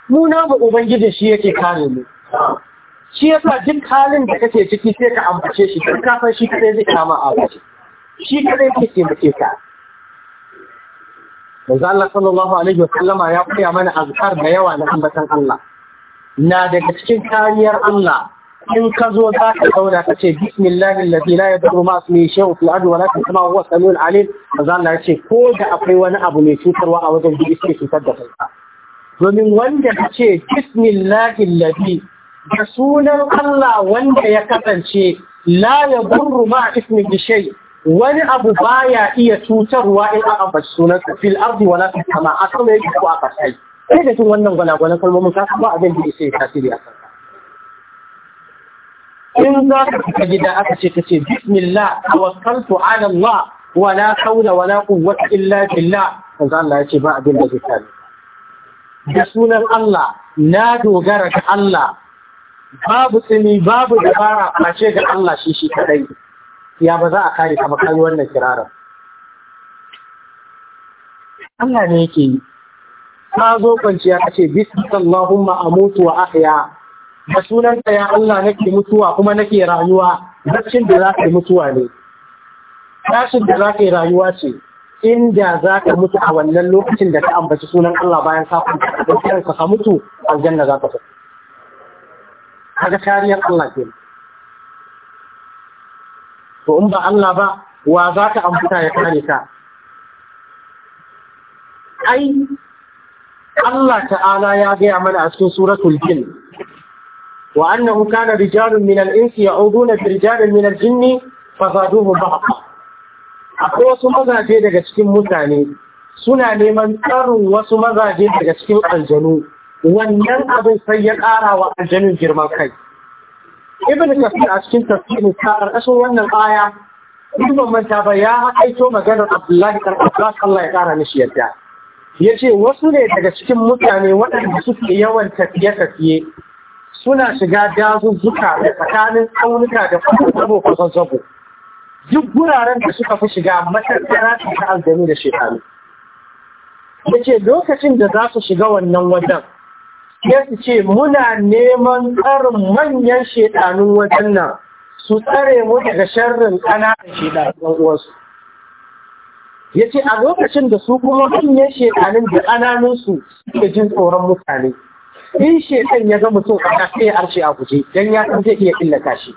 mu na ba ubangiji shi yake kare mu shi yasa duk halin da kake ciki sai ka ambace shi duk ka san shi kadai zai kama a waje shi kadai zai taimake ka Manzo Allah sallallahu alaihi wa sallama ya koya mana azkar da yawa na ambatan Allah na daga cikin kariyar Allah in ka zo za ka zauna ka ce bismillahi allazi la yadurru ma ismihi shay'un fil ardi wa la fis sama'i huwa samiul alim kaza ce ko da akwai wani abu mai cutarwa a wajen da yake cutar da kanka domin wanda ka ce bismillahi allazi da sunan Allah wanda ya kasance la yadurru ma ismihi shay wani abu baya iya cutarwa in an ambaci sunansa fil ardi wa la a sama yake ko a kasai sai da cin wannan gwanagwanan kalmomin ka ba abin da ya tasiri a in za ka fita gida aka ce ka ce bismillah tawakkaltu ala Allah wa la hawla wa la quwwata illa billah kaza Allah ya ce ba abin da zai tare da sunan Allah na dogara ga Allah babu tsini babu dabara face ga Allah shi shi kadai ya ba za a kare kama ba kai wannan kirarin Allah ne yake yi ta zo kwanciya ta ce bismillahumma amutu wa ahya da sunan ka ya Allah nake mutuwa kuma nake rayuwa baccin da zaka mutuwa ne tashin da zaka rayuwa ce inda zaka mutu a wannan lokacin da ka ambaci sunan Allah bayan ka kwanta ka ka mutu aljanna zaka fita kaga kariyar Allah ke. to in ba Allah ba wa za ka ya kare ka ai Allah ta'ala ya gaya mana a cikin suratul jin wa annahu kana rijalun min insi ya'uduna bi rijalin min al-jinni fazaduhum bahqa akwai wasu mazaje daga cikin mutane suna neman tsarin wasu mazaje daga cikin aljanu wannan abin sai ya ƙara wa aljanun girman kai ibn kafir a cikin tafsirin sa ƙarƙashin wannan aya Ibn manta ba ya haƙaito maganar Abdullahi ɗan Abbas Allah ya ƙara mishi yadda. ya ce wasu ne daga cikin mutane waɗanda suke yawan tafiye-tafiye suna shiga dazuzzuka da tsakanin tsaunuka da kwakwabo zabo duk guraren da suka fi shiga matattara su ta aljami da shekaru ya ce lokacin da za su shiga wannan wajen ya su ce muna neman tsarin manyan shekanun wajen nan su tsare mu daga sharrin ƙananan shekanun wasu ya ce a lokacin da su kuma manyan shekanin da ƙananunsu suke jin tsoron mutane in shekan ya ga mutum a ya arce a guje don ya san zai iya illata shi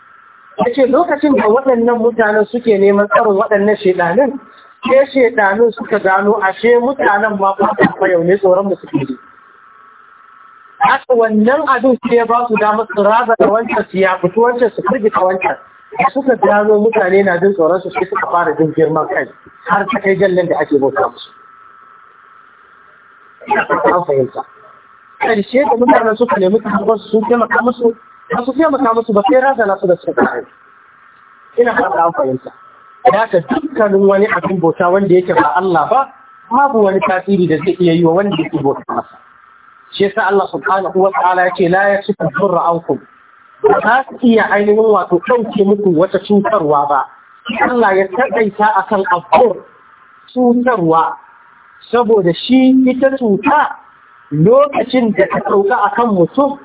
ya ce lokacin da waɗannan mutanen suke neman tsarin waɗannan shekanin ke shekanin suka gano ashe mutanen ma ba ta fayau ne tsoron mutum ne ji haka wannan abin sai ya ba su damar su raba da wancan su ya fito wancan su firgita wancan da suka gano mutane na jin tsoron su sai suka fara jin girman kai har ta kai jallan da ake bauta musu an fahimta karshe da mutane suka nemi kamar su taimaka musu ba su taimaka musu ba sai rasa nasu da suka kare ina fata an fahimta ya ka dukkanin wani abin bauta wanda yake ba Allah ba babu wani tasiri da zai iya yi wa wanda yake bauta masa shi yasa Allah subhanahu wa ta'ala yace la yasifu dhurra ankum ba su iya ainihin wato ɗauke muku wata cutarwa ba Allah ya taƙaita a kan abuwar cutarwa saboda shi ita cuta lokacin da ta sauka a kan mutum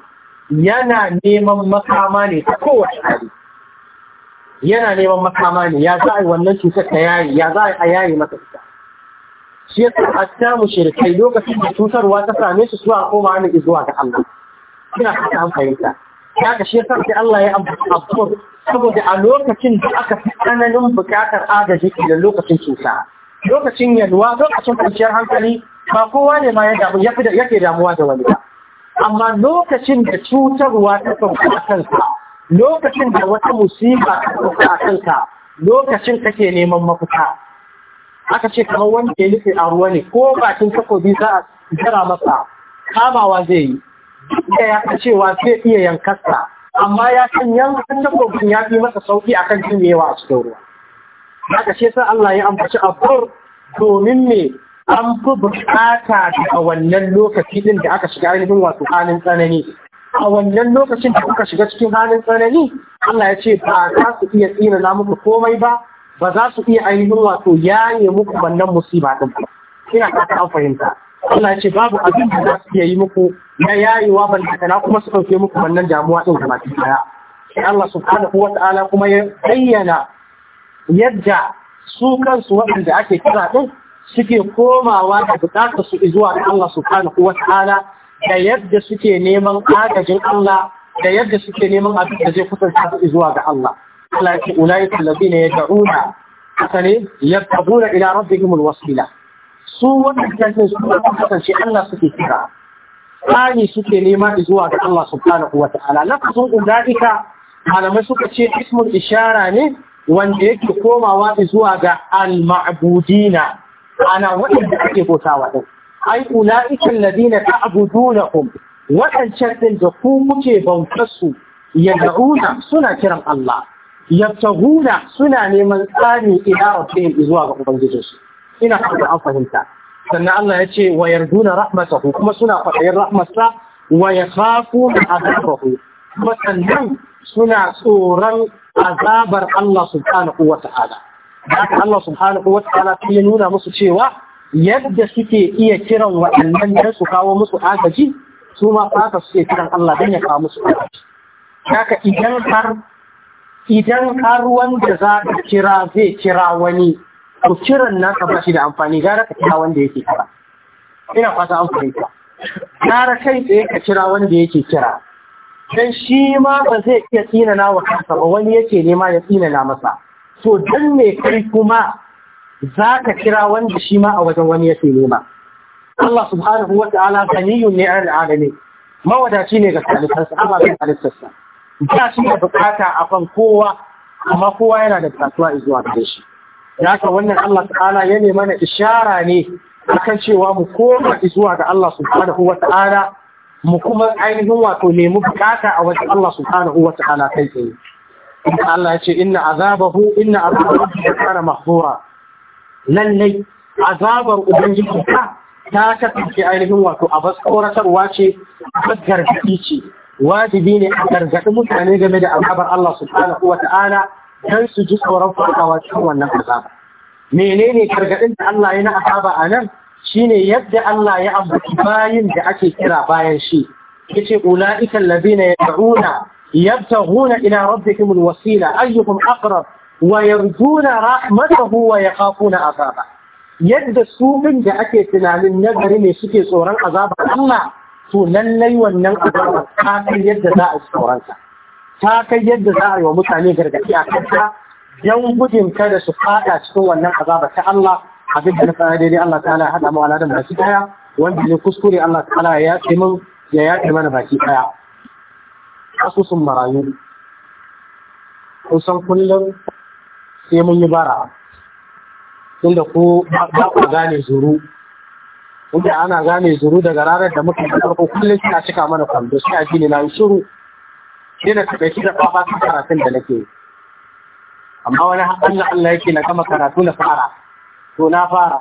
yana neman makama ne ta kowace hali yana neman makama ne ya za a yi wannan cutar ta yayi ya za a yayi mata ita shi ya a samu shirkai lokacin da cutarwa ta same su zuwa koma ne zuwa ga Allah kina ka fahimta ya ka shi sai Allah ya ambaci abubuwa saboda a lokacin da aka fi tsananin bukatar agaji da lokacin cuta lokacin yalwa lokacin kwanciyar hankali ba kowa ne ma yake damuwa da wani ba amma lokacin da cutarwa ta sauka a kanka lokacin da wata musiba ta sauka a kansa lokacin kake neman mafita aka ce kamar wanda ya nufi a ruwa ne ko bakin takobi za a jira masa kamawa zai yi duk da ya cewa zai iya yankasa amma ya san yankan dabbobin ya fi masa sauki akan yawa a cikin ruwa haka ce sa Allah ya ambaci abur domin me an fi bukata a wannan lokaci din da aka shiga ainihin wato halin tsanani a wannan lokacin da kuka shiga cikin halin tsanani Allah ya ce ba za su iya tsira na muku komai ba ba za su iya ainihin wato yaye muku wannan musiba din ba ina ka fahimta Allah ya ce babu abin da za su iya yi muku na yayewa ballantana kuma su ɗauke muku wannan damuwa ɗin gaba ki daya Allah subhanahu wata'ala kuma ya bayyana yadda su kansu waɗanda ake kira ɗin suke komawa da buƙatar su zuwa ga Allah subhanahu wata'ala da yadda suke neman agajin Allah da yadda suke neman abin da zai kusanta su zuwa ga Allah Allah ya ce ulai kallazina yad'una asali yabtaguna ila rabbihim alwasila su waɗanda suke kasance Allah suke kira tsani suke nema zuwa ga Allah subhanahu wa ta'ala lafazin ulaika malamai suka ce ismun ishara ne wanda yake komawa zuwa ga al maabudina ana waɗanda ake bautawa din ai ulaika na ta'budunahum waɗancan ɗin da ku muke bautar su suna kiran Allah yabtaguna suna neman tsani ila rabbihim zuwa ga ubangijinsu ina fata an fahimta sannan Allah ya ce wa yarduna rahmatahu kuma suna kwaɗayin rahmatsa wa yakhafuna azabahu kuma sannan suna tsoron azabar Allah subhanahu wa ta'ala haka Allah subhanahu wa ta'ala ya nuna musu cewa yadda suke iya kiran waɗannan da su kawo musu agaji su ma fata suke kiran Allah don ya kawo musu agaji haka idan har idan har wanda za ka kira zai kira wani Ku kiran naka ba shi da amfani gara ka kira wanda yake kira ina fata an fahimta gara kai tsaye ka kira wanda yake kira dan shi ma ba zai iya tsinana wa kansa ba wani yake nema ya tsinana masa to dan me kai kuma za ka kira wanda shi ma a wajen wani yake nema Allah subhanahu wa ta'ala ganiyun ne an alami mawadaci ne ga salisansa ababen halittarsa ba shi da bukata a kan kowa amma kowa yana da kasuwa zuwa da shi da haka wannan Allah ta'ala ya ne mana ishara ne akan cewa mu koma zuwa ga Allah subhanahu mu kuma ainihin wato nemi bukata a wajen Allah subhanahu wa kai tsaye Allah ya ce inna azabahu inna azabahu kana mahzura lallai azabar ubangiji ta ta kasance ainihin wato a baskoratarwa ce a gargaɗi ce wajibi ne a gargaɗi mutane game da azabar Allah subhanahu dan su ji tsoron farkawa cikin wannan azaba menene gargaɗin da Allah ya na azaba a nan shine yadda Allah ya ambaci bayin da ake kira bayan shi yace ulaiikal ladina yad'una yabtaghuna ila ina alwasila ayyuhum aqrab wa yarjuna rahmatahu wa kafuna azaba yadda su din da ake tunanin nagari ne suke tsoron azabar Allah to lallai wannan azabar kafin yadda za a tsoronsa ta kai yadda za a yi wa mutane gargaɗi a kanta don gudun kada su fada cikin wannan azaba ta Allah abin da na fara daidai Allah ta'ala ya haɗa mu da baki daya wanda ne kuskure Allah ta'ala ya yace min ya yaƙi mana baki daya asusun marayu kusan kullum sai mun yi bara inda ko ba ku gane zuru inda ana gane zuru daga ranar da muka farko kullum sai a cika mana kwando sai a gini na yi shiru shi da kaɗai shi da ƙwafa ta karatun da nake amma wani Allah Allah yake na gama karatu na fara to na fara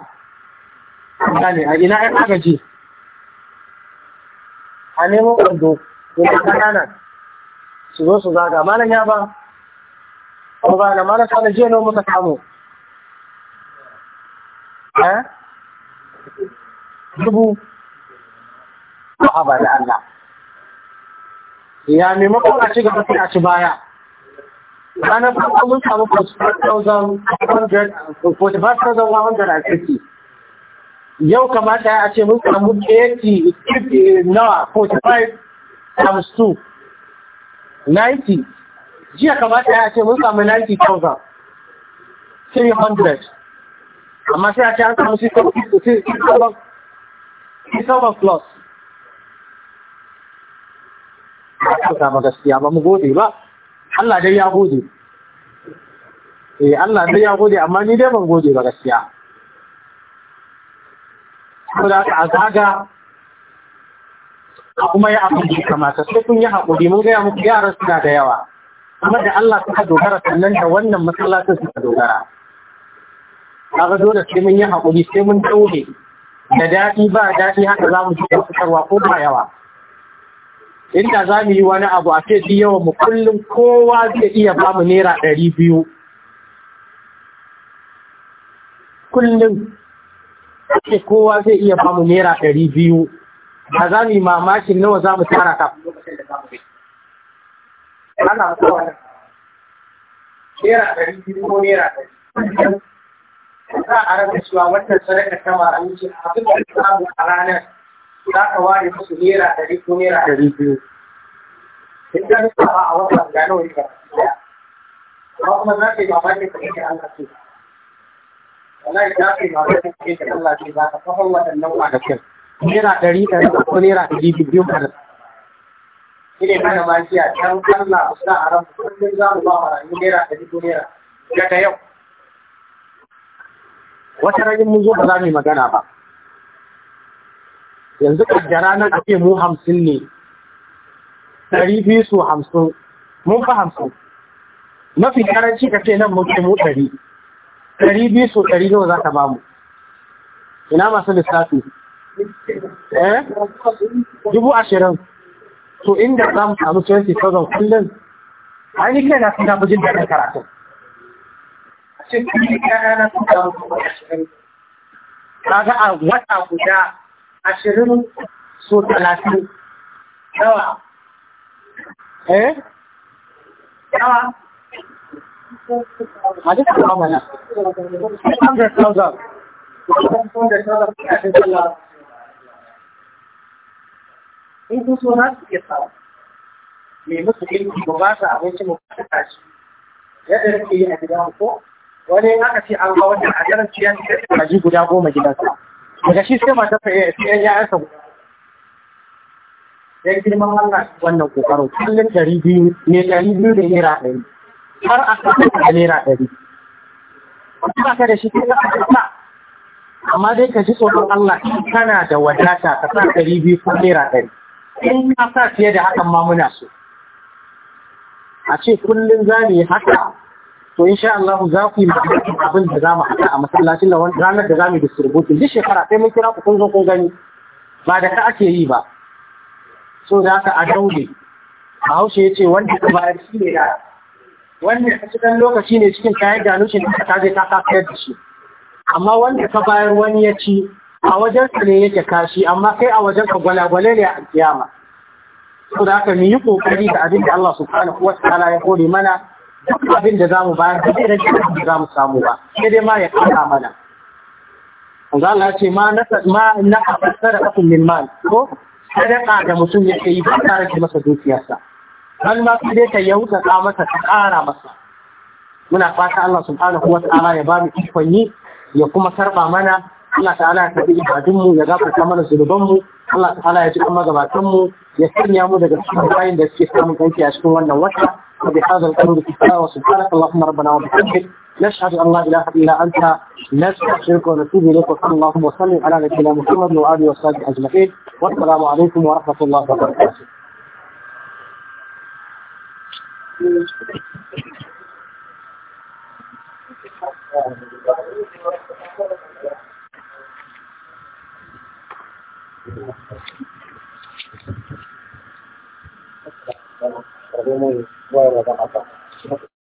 ne a ina ai agaji a nemo wando ko na kanana su zo su zaga malam ya ba ko ba na malam na jiya nawa muka samu eh dubu ba da Allah ya maimakon a ci gaba sai a ci baya ranar farko mun samu 45,150 yau kamata a ce mun samu 80 nawa 45 times 2 90 jiya kamata a ce mun samu 90,000 300 amma sai a ce an samu 6,000 plus ba mu gaskiya ba mu gode ba Allah dai ya gode eh Allah dai ya gode amma ni dai ban gode ba gaskiya saboda ka azaga a kuma ya abin da kamata sai kun yi hakuri mun gaya muku yaran suna da yawa kuma da Allah suka dogara sannan da wannan masallacin suka dogara kaga dole sai mun yi hakuri sai mun daure da daɗi ba daɗi haka za mu ji fitarwa ko ba yawa inda za mu yi wani abu a ce yawan mu kullum kowa zai iya ba mu naira ɗari biyu kullum ake kowa zai iya ba mu naira ɗari biyu ba za mu yi mamakin nawa za mu tara ka ana kowa nera ɗari biyu ko naira ɗari za a rasa cewa wannan sadaka ta mara wuce abin da ta samu a ranar za ka ware musu nera ɗari ko nera dari biyu sai ka nufa ba a wata gano nawa ne ba amma kuma za ka yi mamaki ka yanke Allah ce wallahi za ka yi mamaki ka yanke Allah ce za ka kafa waɗannan kwanakin naira da ɗari ko da ɗari biyu ka shi ne mana a can Allah musa a ran kullum za mu ba wa rayu da ɗari ko ga ta yau wata rayin mun zo ba za mu yi magana ba yanzu kaddara nan ake mu hamsin ne ɗari biyu su hamsin mun fi hamsin mafi karanci ka ce nan muke mu ɗari ɗari biyu su ɗari nawa za ka ba mu ina masu lissafi eh dubu ashirin to inda za mu samu sauran kullum ainihin kai na suna jin da karatun cikin yana suna bujin da karatun kaga a wata guda ashirin so talatin yawa eh yawa a duk da mana in kun so na su ke sawa mai musu ilmi ba ba abinci mu shi yadda nake yi a gida ko wani aka ce an ga wannan a garanci ya ce guda goma gidansa daga shi sai mata ta yi eh, yan ya'yansa guda ya girman wannan wannan kokarin kullum ɗari biyu ne dari biyu da naira ɗari har a kasa da naira ɗari ba ka da shi kai ka amma dai ka ji tsoron Allah kana da wadata ka sa dari biyu ko naira ɗari in ka sa fiye da hakan ma muna so a ce kullum za mu yi haka to insha Allah za ku yi mamakin abin da za mu haɗa a masallacin ranar da za mu yi distribution duk shekara sai mun kira ku kun zo kun gani ba da ka ake yi ba so da haka a daure a haushe ya ce wanda ka bayar shi ne da wanda ka cikin lokaci ne cikin kayan da nushin da ka zai ta kafayar da shi amma wanda ka bayar wani ya ci a wajen ka ne yake kashi amma kai a wajen ka gwalagwale ne a kiyama so da haka mu yi kokari da abin da Allah subhanahu wa ta'ala ya kore mana duk abin da za mu bayar da zai da da za mu samu ba sai dai ma ya kara mana za Allah ce ma na ma da asara min mal ko sadaka da mutum yake yi ba ta da masa dukiyarsa wani ma sai dai ta wuta ka masa ta kara masa muna fata Allah subhanahu wa ta'ala ya ba mu ikon ya kuma karba mana Allah ta'ala ya tafi ibadunmu ya gafarta mana zunubanmu Allah ta'ala ya ji kuma gabatanmu ya sanya mu daga cikin bayin da suke samun kanki a cikin wannan wata وبهذا القول كفاية وسبحانك اللهم ربنا وبحمدك نشهد أن لا إله إلا أنت نستغفرك ونتوب إليك وصلى اللهم وسلم على نبينا محمد وآله وصحبه أجمعين والسلام عليكم ورحمة الله وبركاته. Gracias. wayarwa don Allah